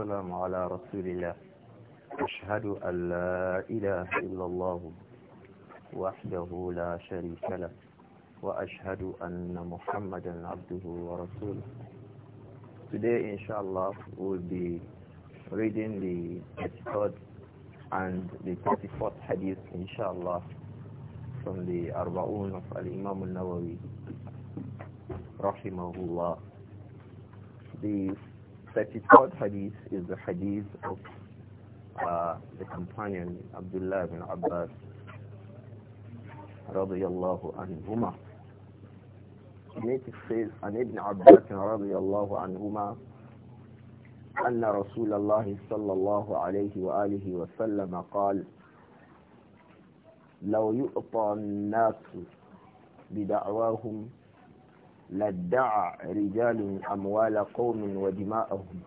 والسلام على رسول الله أشهد أن لا إله إلا الله وحده لا شريك له وأشهد أن محمدا عبده ورسوله Today inshallah we'll be reading the 33rd and the 34th hadith inshallah from the Arba'un of Al-Imam Al-Nawawi rahimahullah The 34th hadith is the hadith of uh, the companion Abdullah bin Abbas radiyallahu anhuma. In it says, عن ابن عباس رضي الله عنهما أن رسول الله صلى الله عليه وآله وسلم قال لو يؤطى الناس بدعواهم لادعى رجال أموال قوم ودماءهم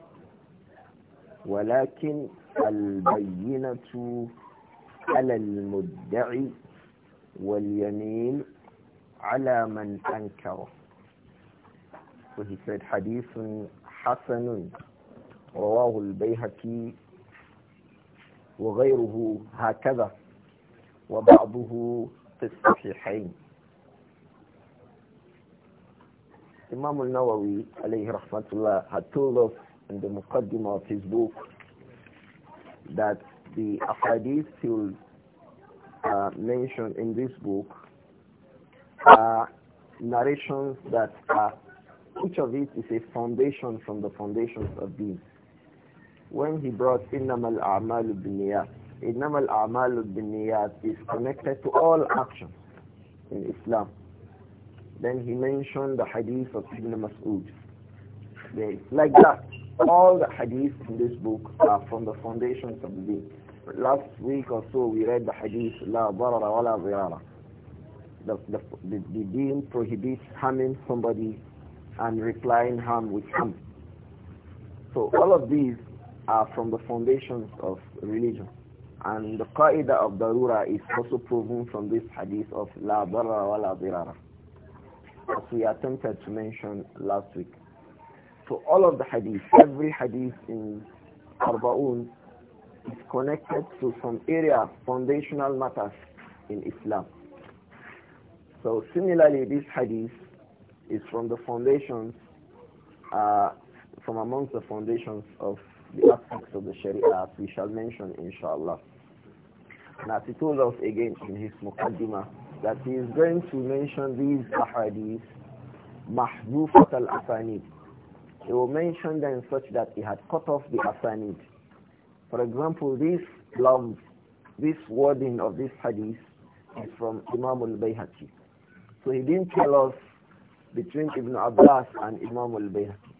ولكن البينة على المدعي واليمين على من أنكره وهي said حديث حسن رواه البيهقي وغيره هكذا وبعضه في الصحيحين Imam al-Nawawi alayhi rahmatullah had told us in the Muqaddimah of his book that the ahadith he will uh, mention in this book are narrations that are, each of it is a foundation from the foundations of these. When he brought Innamal A'malu al Innamal al Binniyat is connected to all actions in Islam. Then he mentioned the hadith of Ibn Mas'ud. Like that, all the hadiths in this book are from the foundations of the deen. Last week or so we read the hadith, La barara wa la The, the, the, the deen prohibits harming somebody and replying harm with harm. So all of these are from the foundations of religion. And the qaida of darura is also proven from this hadith of La barara wa la as we attempted to mention last week. So all of the hadith, every hadith in Arba'un is connected to some area, foundational matters in Islam. So similarly, this hadith is from the foundations, uh, from amongst the foundations of the aspects of the Sharia we shall mention inshallah. And as he told us again in his Muqaddimah, that he is going to mention these ahadith, mahdufat al-asanid. He will mention them such that he had cut off the asanid. For example, this love, this wording of this hadith is from Imam al-Bayhaqi. So he didn't tell us between Ibn Abbas and Imam al-Bayhaqi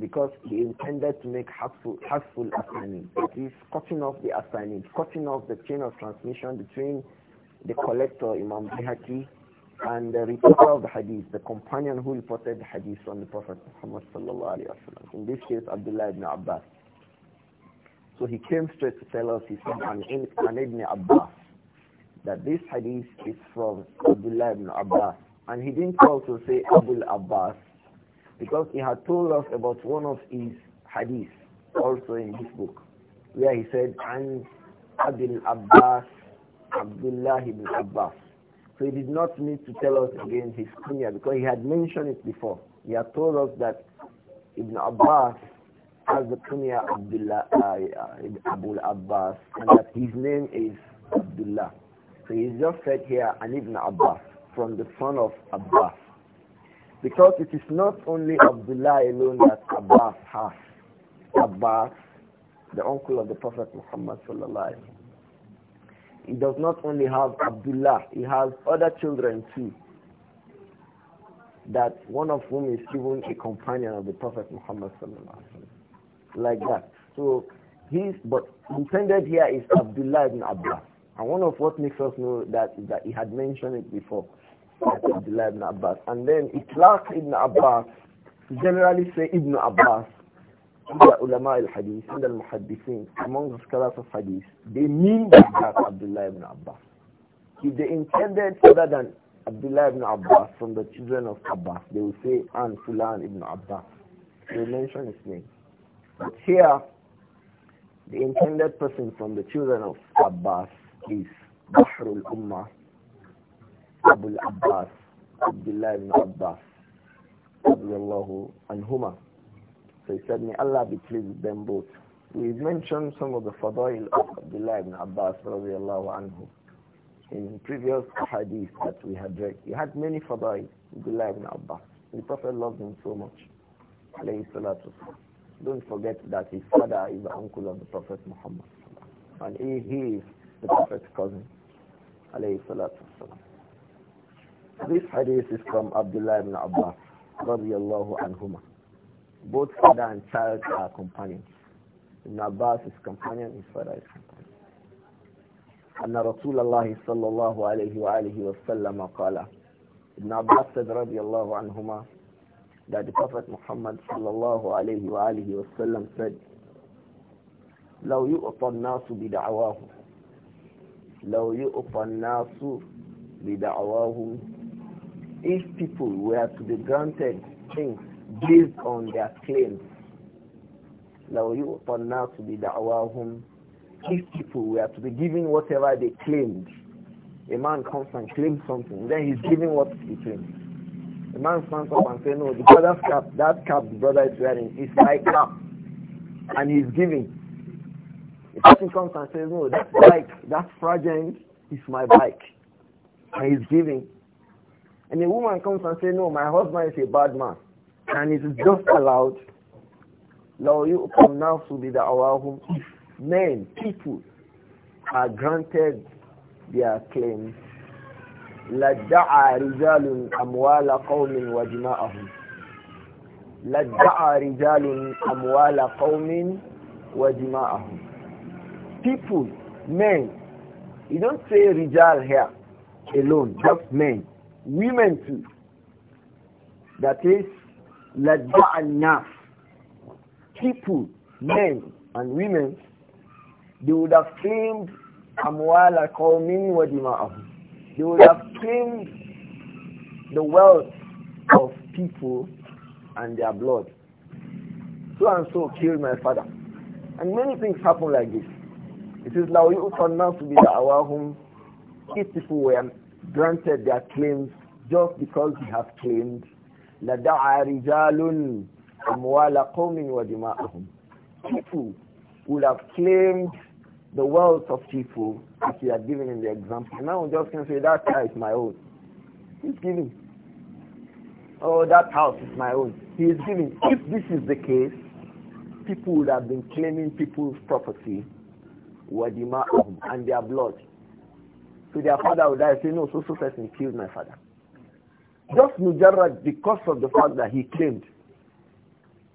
because he intended to make harmful, asanid. assignment. That is cutting off the asanid, cutting off the chain of transmission between the collector Imam Bihaki, and the reporter of the hadith, the companion who reported the hadith from the Prophet Muhammad In this case, Abdullah ibn Abbas. So he came straight to tell us, he said, an, ibn Abbas, that this hadith is from Abdullah ibn Abbas. And he didn't also say Abul Abbas, because he had told us about one of his hadiths, also in his book, where he said, an Abdul Abbas Abdullah ibn Abbas. So he did not need to tell us again his kunya because he had mentioned it before. He had told us that Ibn Abbas has the kunya Abdullah, uh, uh Abu Abbas and that his name is Abdullah. So he just said here and Ibn Abbas from the son of Abbas. Because it is not only Abdullah alone that Abbas has. Abbas, the uncle of the Prophet Muhammad sallallahu alaihi wasallam he does not only have Abdullah, he has other children too, that one of whom is even a companion of the Prophet Muhammad like that. So his, but intended here is Abdullah ibn Abbas. And one of what makes us know that is that he had mentioned it before, Abdullah ibn Abbas. And then lacks ibn Abbas, generally say Ibn Abbas, among the scholars of hadith, they mean that Abdullah ibn Abbas. If they intended other than Abdullah ibn Abbas from the children of Abbas, they will say and Fulan ibn Abbas. They will mention his name. But here, the intended person from the children of Abbas is Bahrul Ummah, Abu Abbas, Abdullah ibn Abbas, Abdullah anhumah. So he said, may Allah be pleased with them both. we mentioned some of the fadail of Abdullah ibn Abbas radiallahu anhu in previous hadith that we had read. He had many fadail, Abdullah ibn Abbas. The Prophet loved him so much. Don't forget that his father is the uncle of the Prophet Muhammad. And he, he is the Prophet's cousin. This hadith is from Abdullah ibn Abbas radiallahu anhumah both father and child are companions. Ibn Abbas is companion, his father is companion. أن رسول الله صلى الله عليه وآله وسلم قال Ibn Abbas said رضي الله عنهما that the Prophet Muhammad صلى الله عليه وآله وسلم said لو يؤطى الناس بِدَعَوَاهُمْ, لو يؤطى الناس بدعواهم if people were to be granted things based on their claims. now you be the الناس بدعواهم If people were to be giving whatever they claimed, a man comes and claims something, then he's giving what he claims. The man stands up and says, no, the brother's cap, that cap the brother is wearing is my cap. And he's giving. The person comes and says, no, that bike, that fragile is my bike. And he's giving. And a woman comes and says, no, my husband is a bad man. And it is just allowed. Now you come now to be the awahum. Men, people are granted their claims. لدعى رجال أموال قوم ودماءهم لدعى رجال أموال قوم ودماءهم people men you don't say rijal here alone just men women too that is enough People, men and women, they would have claimed أَمْوَالَ قَوْمٍ وَدِمَاءَهُمْ They would have claimed the wealth of people and their blood. So and so killed my father. And many things happen like this. It is now you turn out to be the awahum these people were granted their claims just because they have claimed لَدَعَ رِجَالٌ أَمْوَالَ قَوْمٍ وَدِمَاءَهُمْ People would have claimed the wealth of people as he had given in the example. Now we just can say that car is my own. He's giving. Oh, that house is my own. He is giving. If this is the case, people would have been claiming people's property, wadima, and their blood. So their father would die say, no, so so person killed my father. Just Mujarrad because of the fact that he claimed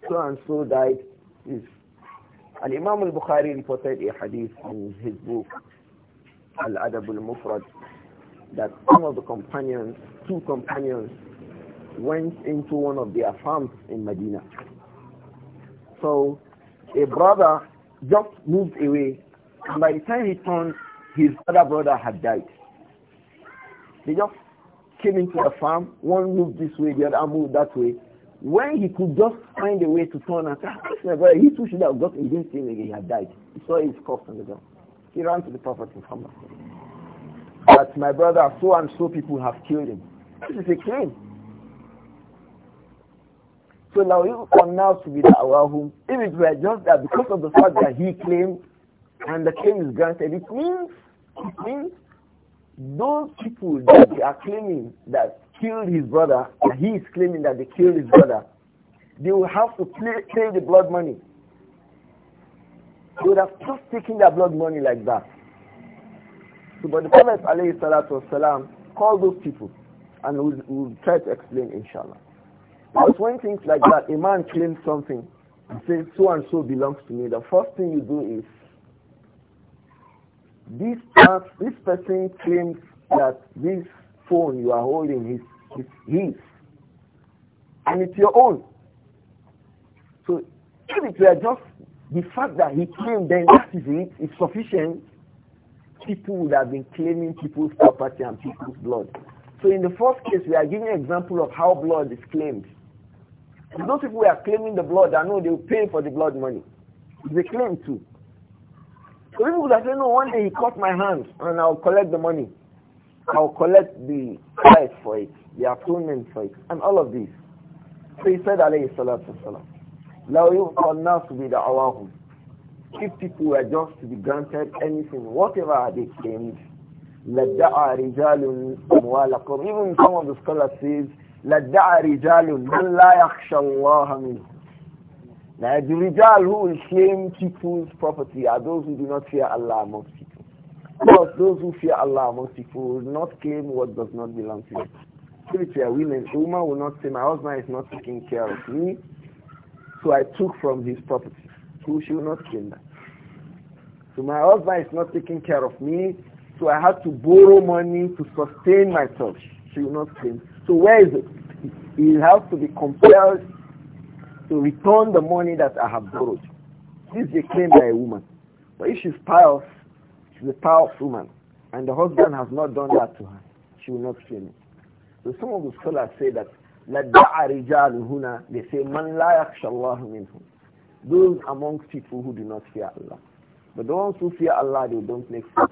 so and so died is and Imam al-Bukhari reported a hadith in his book Al-Adab al-Mufrad that one of the companions, two companions, went into one of their farms in Medina. So a brother just moved away and by the time he turned, his other brother had died. They just came into the farm, one moved this way, the other moved that way. When he could just find a way to turn and say, ah, my brother, he too should have got he didn't see him again, he had died. He saw his corpse on the ground. He ran to the Prophet Muhammad. That my brother, so and so people have killed him. This is a claim. So now you come now to be the awahum. If it were just that because of the fact that he claimed and the claim is granted, it means it means those people that they are claiming that killed his brother, he is claiming that they killed his brother, they will have to pay, pay the blood money. They would have just taken their blood money like that. So, but the Prophet والسلام, called those people, and we'll, we'll try to explain inshallah. Because when things like that, a man claims something, and says so and so belongs to me, the first thing you do is this, this person claims that this phone you are holding is, is his. And it's your own. So if it were just the fact that he claimed then that is it, is sufficient, people would have been claiming people's property and people's blood. So in the first case, we are giving an example of how blood is claimed. And those people who are claiming the blood, I know they will pay for the blood money. It's a claim too. So people that say said, no, one day he caught my hand and I'll collect the money. I'll collect the price for it, the atonement for it, and all of these. So he said, alayhi salatu wasalam, لَوْ يُؤْتَى النَّاسُ بِدَعْوَاهُمْ If people were just to be granted anything, whatever they claimed, لَدَّعَى رِجَالٌ أَمْوَالَكُمْ Even some of the scholars says, لَدَّعَى رِجَالٌ مَنْ لَا يَخْشَى اللَّهَ now the Rijal who will claim people's property are those who do not fear Allah amongst people. But those who fear Allah amongst people will not claim what does not belong to them. Spiritual so women, a woman will not say, my husband is not taking care of me, so I took from his property. So she will not claim that. So my husband is not taking care of me, so I had to borrow money to sustain myself. She will not claim. So where is it? He has to be compelled to return the money that I have borrowed. This is a claim by a woman. But if she's pious, she's a pious woman, and the husband has not done that to her, she will not claim it. So some of the scholars say that They say, man la يَخْشَ اللَّهُ Those amongst people who do not fear Allah. But the ones who fear Allah, they don't make false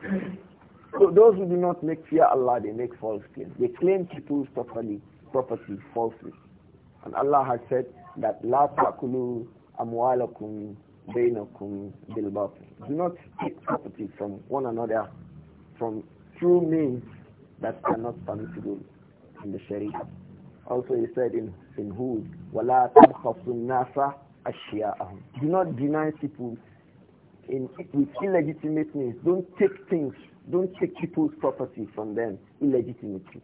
So those who do not make fear Allah, they make false claims. They claim people's property, property falsely. And Allah has said, that la amwalakum bainakum bil Do not take property from one another from true means that are not permissible in the Sharia. Also he said in, in Hud, وَلَا تَبْخَصُ nasa أَشْيَاءَهُم Do not deny people in, with illegitimate means. Don't take things, don't take people's property from them illegitimately.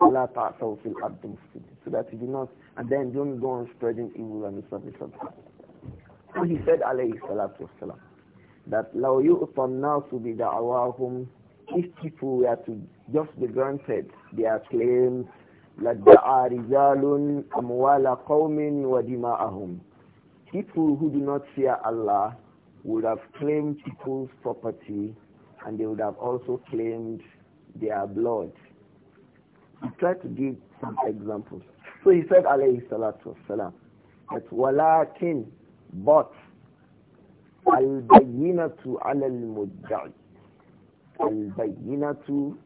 Allah Taala fil abdul so that he do not, and then don't go on spreading evil and misunderstanding. So he said, alayhi salatu wasalam, that law yu'tam nasu bi da'awahum, if people were to just be granted their claims, لَدَّعَى رِجَالٌ أَمْوَالَ قَوْمٍ وَدِمَاءَهُمْ People who do not fear Allah would have claimed people's property and they would have also claimed their blood he tried to give some examples. So he said, alayhi salatu wasalam, that walakin, but, al-bayyinatu al-mudda'i. Al-bayyinatu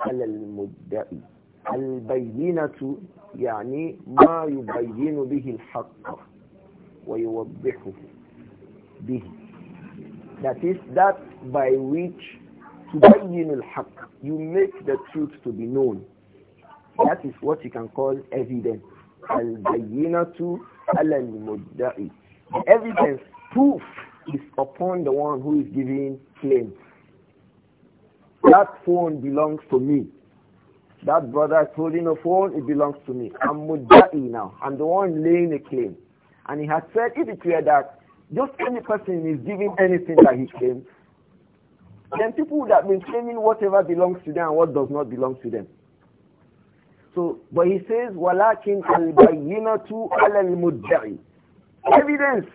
al-mudda'i. Al-bayyinatu يعني ما يبين به الحق ويوضحه به that is that by which to تبين الحق you make the truth to be known that is what you can call evidence. Al-bayyinatu al-mudda'i. evidence, proof, is upon the one who is giving claim. That phone belongs to me. That brother is holding a phone, it belongs to me. I'm mudda'i now. I'm the one laying a claim. And he has said if it were that just any person is giving anything that he claims, then people would have been claiming whatever belongs to them and what does not belong to them. So, but he says, وَلَكِنْ الْبَيِّنَةُ عَلَى الْمُدَّعِ Evidence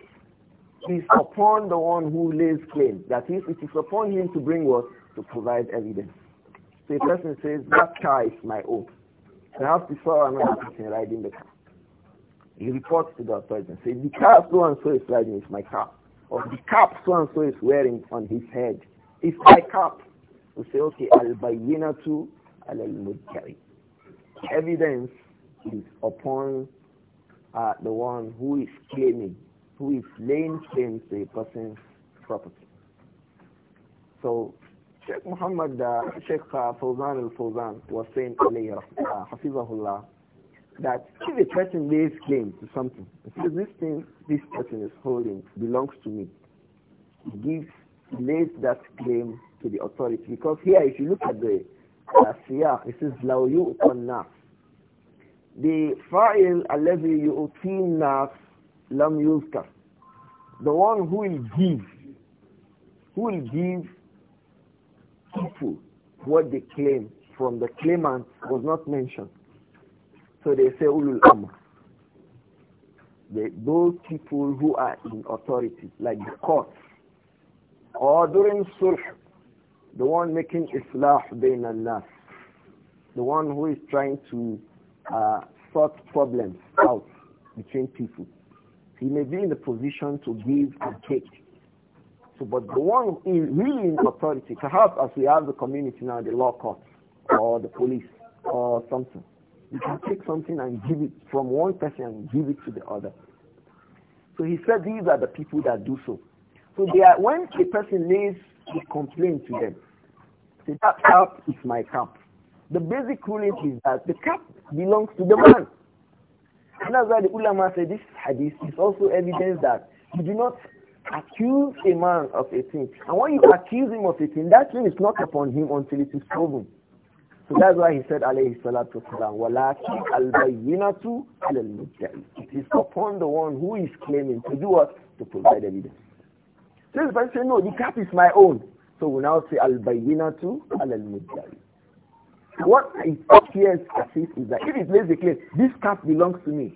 is upon the one who lays claim. That is, it is upon him to bring what? To provide evidence. So a person says, that car is my own. Perhaps to saw another person riding the car. He reports to the authorities and says, the car so-and-so is riding is my car. Or the cap so-and-so is wearing on his head is my cap. We say, okay, al-bayyinatu al-mudkari evidence is upon uh, the one who is claiming, who is laying claim to a person's property. So Sheikh Muhammad, uh, Sheikh uh, Fawzan al-Fawzan was saying earlier, uh, Hafizahullah, that if a person lays claim to something, says this thing this person is holding belongs to me, he gives, lays that claim to the authority. Because here, if you look at the السياق it says لو يؤتى الناس the fa'il الذي يؤتي الناس لم يذكر the one who will give who will give people what they claim from the claimant was not mentioned so they say ulul amr the, those people who are in authority like the court or during sulh the one making islah bain al-nas, the one who is trying to uh, sort problems out between people. He may be in the position to give and take. So, but the one who is really in authority, perhaps as we have the community now, the law court or the police or something, you can take something and give it from one person and give it to the other. So he said these are the people that do so. So they are, when a person lays he complained to them. Say, that cap is my cap. The basic ruling is that the cap belongs to the man. And that's why the ulama said this hadith is also evidence that you do not accuse a man of a thing. And when you accuse him of a thing, that thing is not upon him until it is proven. So that's why he said, alayhi salatu wasalam, walakin al-bayyinatu al is upon the one who is claiming to do what? To provide evidence. So the person say, no, the cap is my own. So we now say al-bayyinatu al-mudda'i. What it appears as if is that if it lays the claim, this cap belongs to me.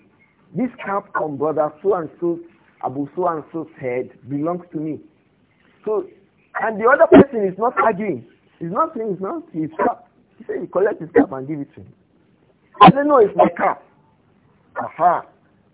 This cap from brother so and so, Abu so and so's head belongs to me. So, and the other person is not arguing. He's not saying it's not his cap. He said, he collect his cap and give it to him. I said, no, it's my cap. Aha.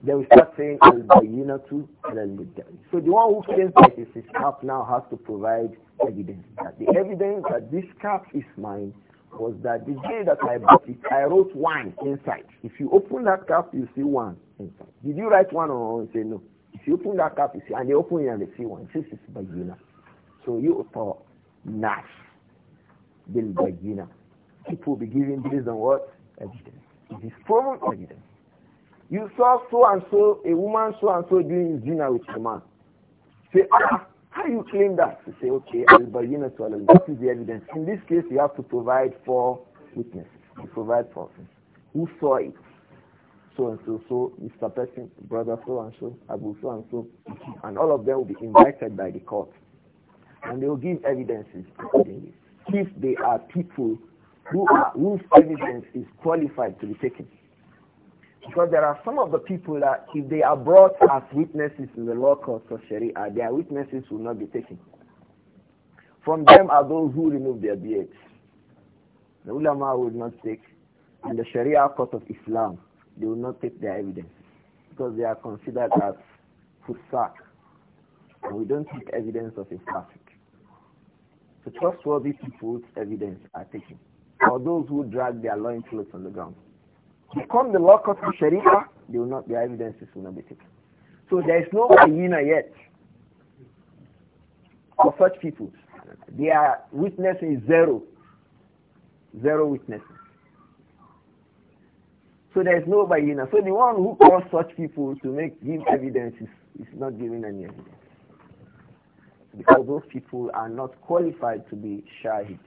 They will start saying i bayyinatu al-mudda'i. So the one who claims that it's his cap now has to provide evidence. That the evidence that this cap is mine was that the day that I bought it, I wrote one inside. If you open that cap, you see one inside. Did you write one or say no? If you open that cap, you see, and they open it and they see one. This is bayyina. So you thought nash bil bayyina. People will be giving based on what? Evidence. It is proven evidence. You saw so and so, a woman so and so doing zina with a man. Say, ah, how you claim that? You say, okay, I a bayyina to al That is the evidence. In this case, you have to provide for witnesses. You provide for Who saw it? So and so, so, Mr. Person, brother so and so, Abu so and so. And all of them will be invited by the court. And they will give evidences accordingly. If they are people who whose evidence is qualified to be taken. Because there are some of the people that if they are brought as witnesses in the law courts of Sharia, their witnesses will not be taken. From them are those who remove their beards. The ulama will not take, and the Sharia court of Islam, they will not take their evidence because they are considered as fusak, and we don't take evidence of a traffic. So trustworthy people's evidence are taken, or those who drag their loincloths on the ground become the law court of Sharia, they will not, their evidences will not be taken. So there is no hyena yet for such people. Their witness is zero. Zero witnesses. So there is no hyena. So the one who calls such people to make give evidence is, is not giving any evidence. Because those people are not qualified to be shahid.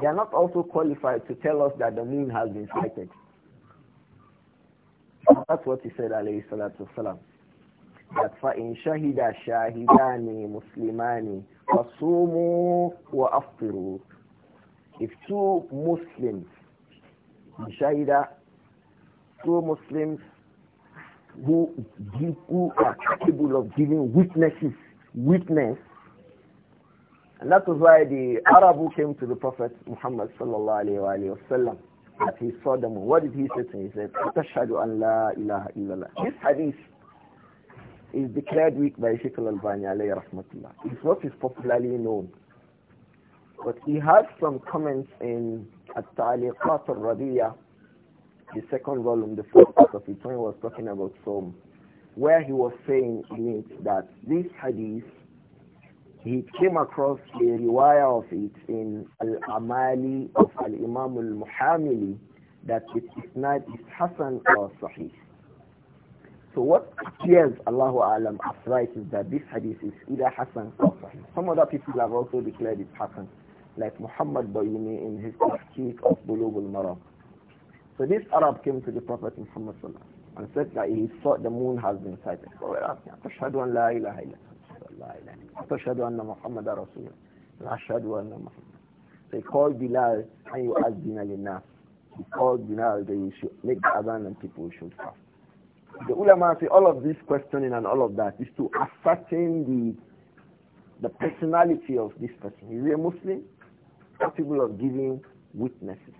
They are not also qualified to tell us that the moon has been sighted. That's what he said, alayhi salatu wasalam. That فَإِنْ شَهِدَ شَاهِدَانِ مُسْلِمَانِ فَصُومُوا وَأَفْطِرُوا If two Muslims, shahida, two Muslims who, who are capable of giving witnesses, witness, and that was why the Arab who came to the Prophet Muhammad sallallahu alayhi wa sallam that he saw them. What did he say to him? He said, an la ilaha illallah. This hadith is declared weak by Sheikh al-Albani alayhi rahmatullah. It's what is popularly known. But he had some comments in At-Ta'liqat al-Radiyah, the second volume, the fourth part of it, when he was talking about some, where he was saying in it that this hadith he came across a riwayah of it in Al-Amali of Al-Imam Al-Muhamili that it is not is Hassan or Sahih. So what appears, Allahu Alam, as right is that this hadith is either Hassan or Sahih. Some other people have also declared it Hassan, like Muhammad Bayumi in his Tahqiq of Bulugh al-Maram. So this Arab came to the Prophet Muhammad and said that he thought the moon has been sighted. أشهد أن محمد رسول الله أشهد أن محمد They called Bilal and you asked He called Bilal that you should make the adhan and people should fast. The ulama say all of this questioning and all of that is to ascertain the the personality of this person. Is he a Muslim? Capable of giving witnesses.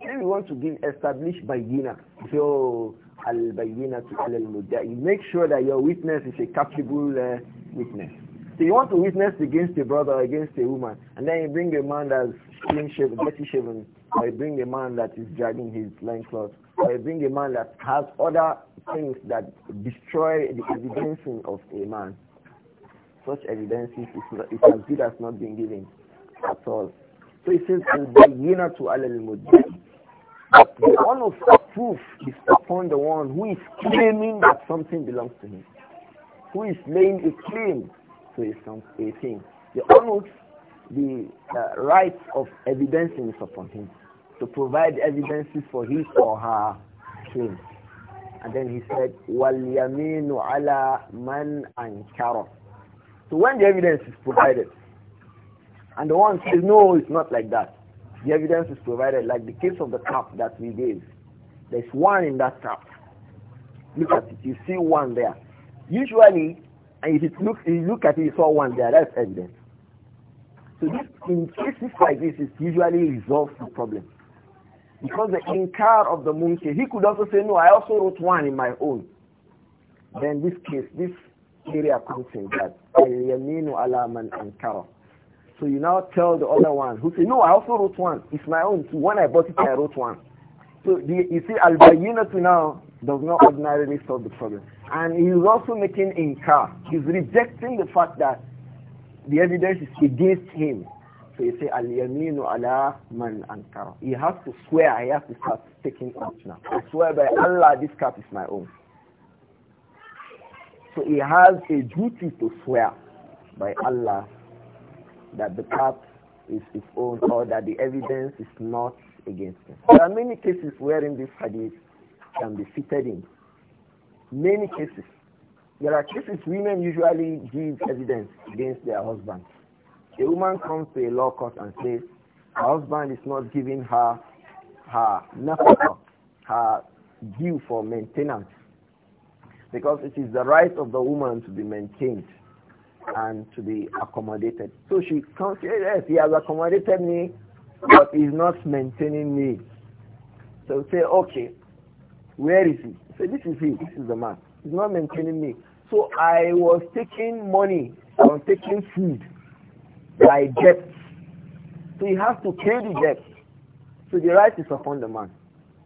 If we want to give established by dinner, so al to al Make sure that your witness is a capable uh, witness. So you want to witness against a brother, against a woman, and then you bring a man that's clean shaven, dirty shaven, or you bring a man that is dragging his loincloth, or you bring a man that has other things that destroy the evidencing of a man. Such evidence is, is as good as not being given at all. So it says, al-bayyinatu al but the one of proof is upon the one who is claiming that something belongs to him, who is laying a claim to a, some, a thing. The onus, the uh, right of evidencing is upon him to provide evidences for his or her claim. And then he said, وَالْيَمِينُ عَلَى مَنْ أَنْكَرَ So when the evidence is provided, and the one says, no, it's not like that. The evidence is provided like the case of the cup that we gave. There's one in that cup. Look at it. You see one there. Usually, and if it looks, you look at it, you saw one there. That's evidence. So this, in cases like this, it usually resolves the problem. Because the inkar of the monkey, he could also say, no, I also wrote one in my own. Then this case, this area comes in that, so you now tell the other one who say, no, I also wrote one. It's my own. So when I bought it, I wrote one. So the, you see, al to now does not ordinarily solve the problem. And he is also making inkar. He's rejecting the fact that the evidence is against him. So you say, al-yaminu Allah man ankara. He has to swear, he has to start taking oath now. I swear by Allah, this cup is my own. So he has a duty to swear by Allah that the cap is his own or that the evidence is not against him. There are many cases wherein this hadith can be fitted in. Many cases. There are cases women usually give evidence against their husbands. A woman comes to a law court and says, her husband is not giving her her nafaka, her due for maintenance. Because it is the right of the woman to be maintained and to be accommodated. So she comes, yes, he has accommodated me, but he's not maintaining me. So say, okay, where is he? Say, this is he, this is the man. He's not maintaining me. So I was taking money, I was taking food by debt. So he has to pay the debt. So the right is upon the man.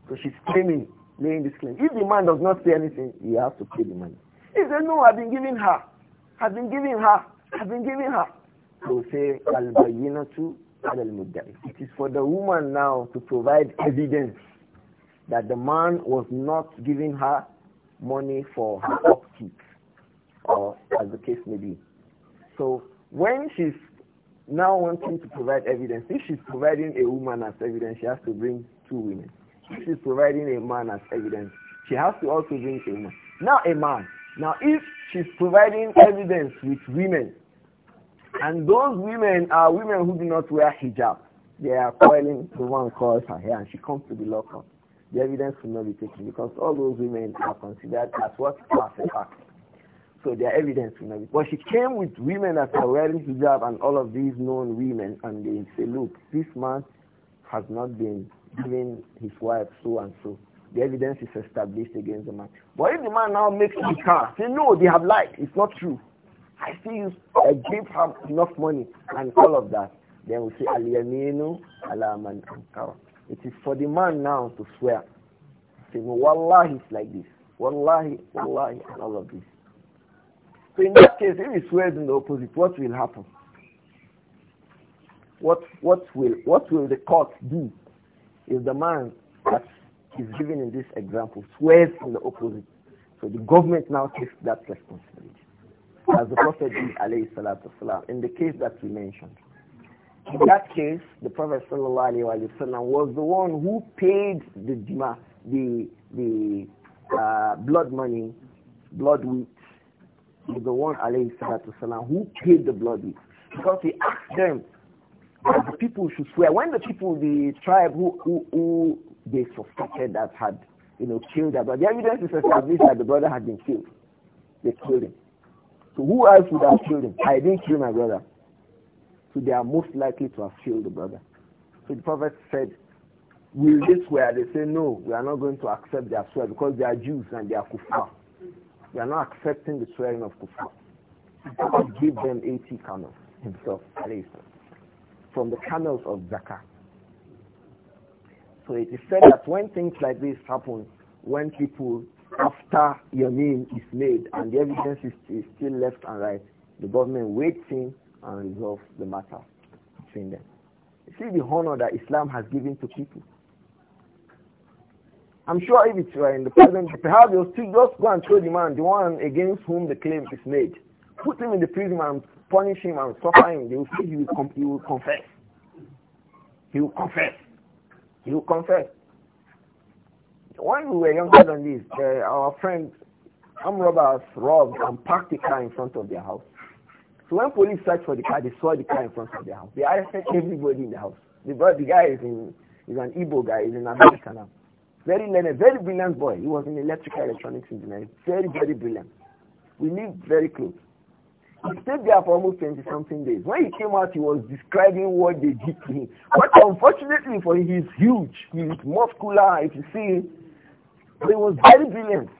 So she's claiming, laying this claim. If the man does not say anything, he has to pay the money. He said, no, I've been giving her have been giving her. have been giving her. say al al-muddai. It is for the woman now to provide evidence that the man was not giving her money for her upkeep or as the case may be. So when she's now wanting to provide evidence, if she's providing a woman as evidence, she has to bring two women. If she's providing a man as evidence, she has to also bring a woman. Now a man, now, if she's providing evidence with women, and those women are women who do not wear hijab, they are coiling, the one coils her hair, and she comes to the law court. The evidence will not be taken because all those women are considered as what? Classified. So their evidence will not be. But she came with women that are wearing hijab and all of these known women, and they say, look, this man has not been giving his wife so and so the evidence is established against the man. But if the man now makes the car, say, no, they have lied, it's not true. I still you I gave him enough money and all of that. Then we say, It is for the man now to swear. Say, no, Wallahi, it's like this. Wallahi, Wallahi, and all of this. So in that case, if he swears in the opposite, what will happen? What, what, will, what will the court do if the man that is given in this example swears in the opposite. So the government now takes that responsibility. As the Prophet did, in the case that we mentioned. In that case, the Prophet sallallahu was the one who paid the dima, the, the uh, blood money, blood wheat. He's the one, alayhi who paid the blood wheat. Because he asked them, the people should swear. When the people, the tribe who, who, who they suspected that had, you know, killed that. But the evidence is established that the brother had been killed. They killed him. So who else would have killed him? I didn't kill my brother. So they are most likely to have killed the brother. So the prophet said, will this swear? They say, no, we are not going to accept their swear because they are Jews and they are kuffar. We are not accepting the swearing of kuffar. God gave them 80 camels himself, from the camels of Zakah it is said that when things like this happen, when people after your name is made and the evidence is, is still left and right, the government waits in and resolves the matter between them. You see the honor that Islam has given to people. I'm sure if it were in the present, perhaps you'll still just go and throw the man, the one against whom the claim is made. Put him in the prison and punish him and suffer him. They will say he will, he will confess. He will confess. You confess. When we were younger than this, uh, our friends, some robbers robbed and parked the car in front of their house. So when police searched for the car, they saw the car in front of their house. They arrested everybody in the house. The, boy, the guy is, in, is an Igbo guy, he's in America now. Very learned, very brilliant boy. He was in electrical electronics engineering. Very, very brilliant. We live very close. He stayed there for almost 20 something days. When he came out, he was describing what they did to him. But unfortunately for him, he's huge. He's muscular, if you see. But he was very brilliant.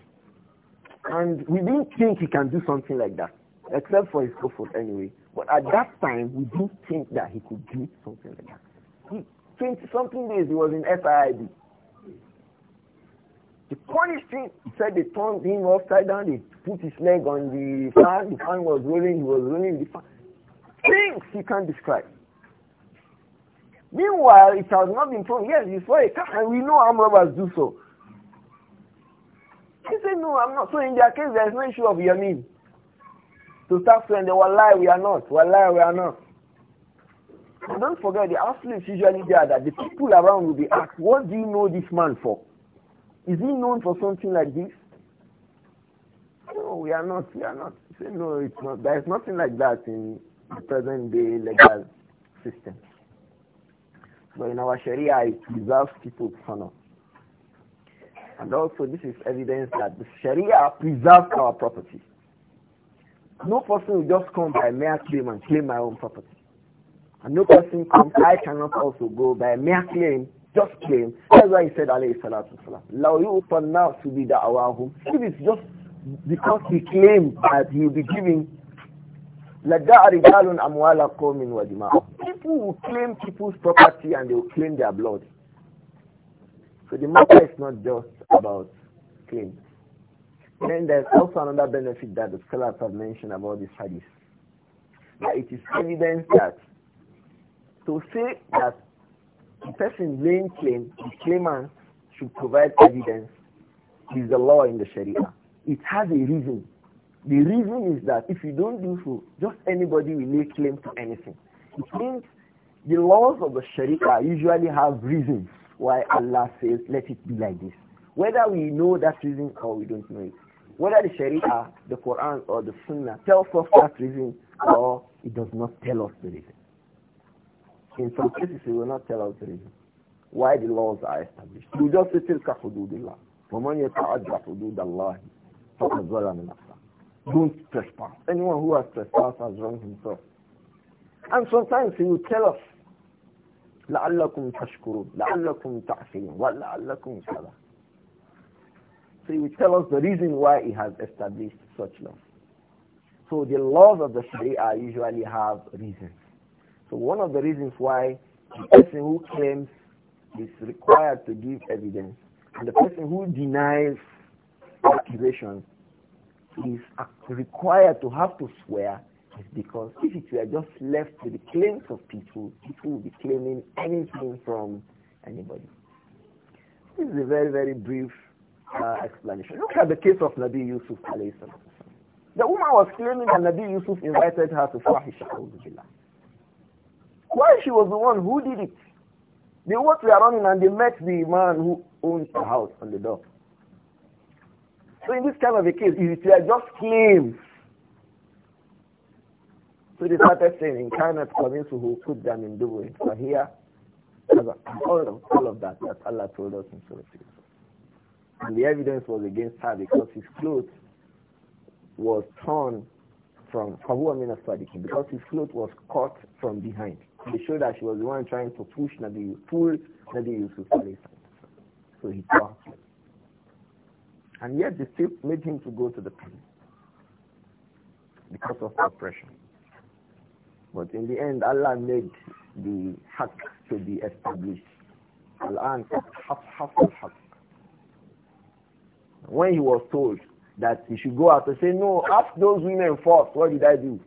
And we didn't think he can do something like that, except for his comfort anyway. But at that time, we didn't think that he could do something like that. He, 20 something days, he was in SIB. The punished thing, He said they turned him upside down. They put his leg on the fan. The fan was rolling. He was rolling the fan. Things you can't describe. Meanwhile, it has not been proven. Yes, you saw a car, and we know arm robbers do so. He said, no, I'm not. So in their case, there is no issue of Yamin. To start saying, they were lie, we are not. We are lie, we are not. And don't forget, the is usually there that the people around will be asked, what do you know this man for? Is he known for something like this? No, we are not. We are not. Say, no, it's not. There is nothing like that in the present day legal system. But in our Sharia, it preserves people's honor. And also, this is evidence that the Sharia preserves our property. No person will just come by mere claim and claim my own property. And no person comes, I cannot also go by mere claim just claim. That's why he said, alayhi salatu wasalam, لَوْ يُؤْتَ النَّاسُ If it's just because he claimed that he will be giving, لَدَّعَ رِجَالٌ أَمْوَالَ قَوْمٍ وَدِمَاءَ People will claim people's property and they will claim their blood. So the matter is not just about claims. Then there's also another benefit that the scholars have mentioned about this hadith. That it is evidence that to say that the person laying claim, the claimant should provide evidence is the law in the Sharia. It has a reason. The reason is that if you don't do so, just anybody will lay claim to anything. It means the laws of the Sharia usually have reasons why Allah says, let it be like this. Whether we know that reason or we don't know it. Whether the Sharia, the Quran or the Sunnah tells us that reason or it does not tell us the reason. In some cases, he will not tell us the reason why the laws are established. You just say, تِلْكَ حُدُودِ اللَّهِ وَمَنْ يَتَعَدَّ حُدُودَ اللَّهِ فَقَدْ ظَلَمَ نَفْسَهُ Don't trespass. Anyone who has trespassed has wronged himself. And sometimes he will tell us, لَعَلَّكُمْ تَشْكُرُونَ لَعَلَّكُمْ تَعْفِينَ وَلَعَلَّكُمْ كَذَا So he will tell us the reason why he has established such laws. So the laws of the Sharia usually have reasons. So one of the reasons why the person who claims is required to give evidence and the person who denies accusation is required to have to swear is because if it were just left to the claims of people, people would be claiming anything from anybody. This is a very, very brief uh, explanation. Look at the case of Nabi Yusuf. The woman was claiming that Nabi Yusuf invited her to Fahisha. Why she was the one who did it? They walked around and they met the man who owns the house on the door. So in this kind of a case, if you are just claims, so they started saying, in kindness, convince who put them in the So here, all of, all of that that Allah told us in Surah And the evidence was against her because his clothes was torn from because his clothes was cut from behind. To showed that she was the one trying to push Nabi, pull Nabi Yusuf. So he talked, And yet they still made him to go to the prison because of oppression. But in the end, Allah made the haqq to be established. When he was told that he should go out and say, no, ask those women first, what did I do?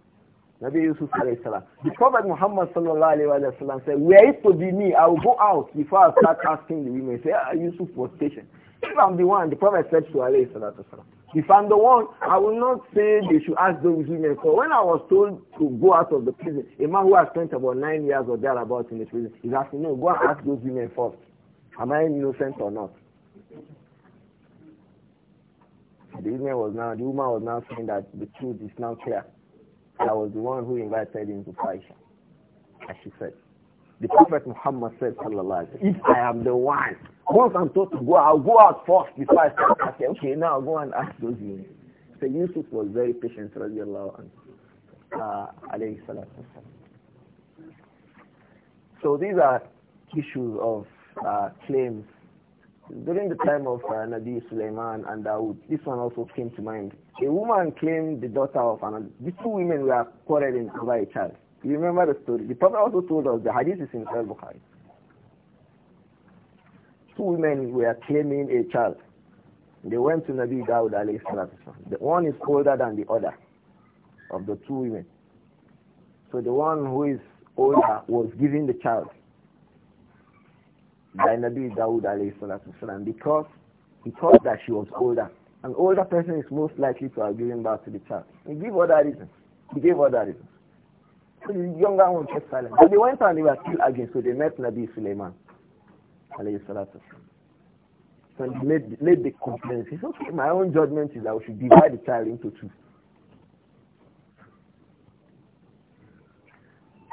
Nabi Yusuf The Prophet Muhammad sallallahu said, were it to be me, I will go out before I start asking the women. Say, ah, Yusuf was station? If I'm the one, the Prophet said to alayhi salatu if I'm the one, I will not say they should ask those women. For when I was told to go out of the prison, a man who has spent about nine years or thereabouts in the prison is asking, no, go and ask those women first. Am I innocent or not? The woman was now, the woman was now saying that the truth is now clear. I was the one who invited him to Aisha, as she said. The Prophet Muhammad said, sallallahu if I am the one, once I'm told to go, I'll go out first before I start okay, now go and ask those women. So Yusuf was very patient, radiallahu anhu, uh, So these are issues of uh, claims. During the time of uh, Nabi Sulaiman and Dawood, this one also came to mind. A woman claimed the daughter of another. The two women were quarreling over a child. You remember the story? The Prophet also told us the hadith is in Sahih Bukhari. Two women were claiming a child. They went to Nabi Dawud alayhi salatu The one is older than the other of the two women. So the one who is older was given the child by Nabi Dawud alayhi salatu because he thought that she was older an older person is most likely to have given birth to the child. He gave other reasons. He gave other reasons. So the younger one kept silent. But they went and they were still arguing. so they met Nabi Sulaiman. So he made, made the complaint. He said, okay, my own judgment is that we should divide the child into two.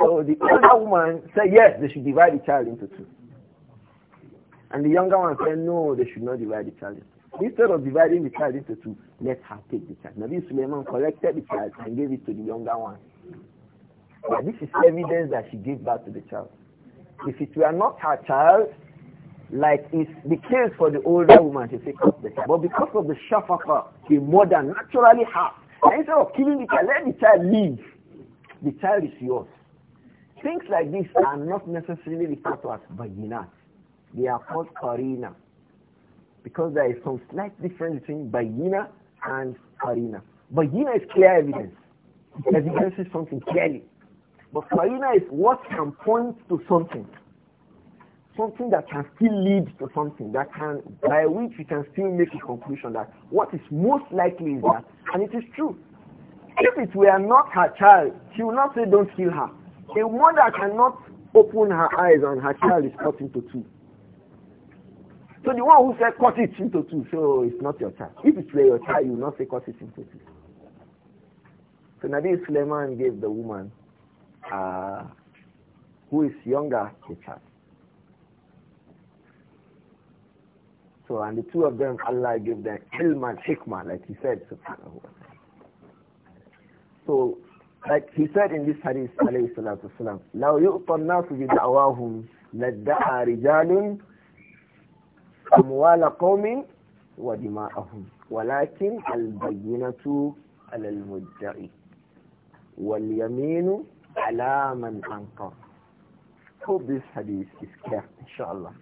So the older woman said, yes, they should divide the child into two. And the younger one said, no, they should not divide the child Instead of dividing the child into two, let her take the child. Nabi Suleiman collected the child and gave it to the younger one. But this is evidence that she gave birth to the child. If it were not her child, like it's the case for the older woman, she say the child. But because of the shafaqa, the mother naturally has. Instead of killing the child, let the child live. The child is yours. Things like this are not necessarily referred to as vagina. They are called karina. Because there is some slight difference between bayina and farina. Bayina is clear evidence. It evidences something clearly. But farina is what can point to something. Something that can still lead to something, that can, by which we can still make a conclusion that what is most likely is that, and it is true. If it were not her child, she would not say don't kill her. A mother cannot open her eyes and her child is cut into two. So the one who said cut it into two, so it's not your child. If it's your child, you will not say cut it into two. So Nabi Suleiman gave the woman uh, who is younger the child. So and the two of them, Allah gave them ilm and hikmah, like he said, So like he said in this hadith, alayhi salatu wasalam, لَوْ يُؤْطَ النَّاسُ بِدَعْوَاهُمْ لَدَّعَى رِجَالٌ أموال قوم ودماءهم ولكن البينة على المدعي واليمين على من أنكر Hope this hadith is clear, inshallah.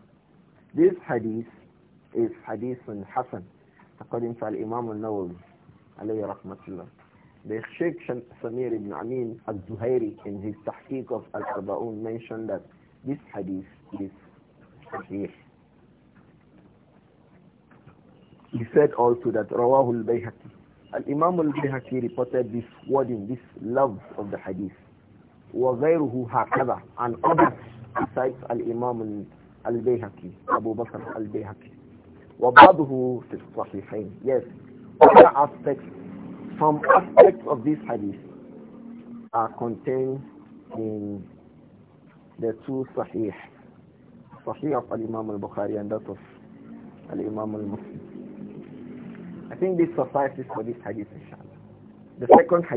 This hadith is hadith Hassan, according to Imam al-Nawawi, alayhi rahmatullah. The Sheikh Samir ibn Amin al-Zuhairi in his tahqiq of Al-Arba'un mentioned that this hadith is sahih. He said also that Rawahul Bayhaqi. And Imam al-Bayhaqi reported this wording, this love of the hadith. وَغَيْرُهُ هَكَذَا And others besides al-Imam al-Bayhaqi, Abu Bakr al-Bayhaqi. وَبَعْضُهُ فِي الصَّحِحَيْنِ Yes, other aspects, some aspects of this hadith are contained in the two Sahih, Sahih of al-Imam al-Bukhari and that of al-Imam al-Muslim. I think this suffices for this hadith, inshallah. The second hadith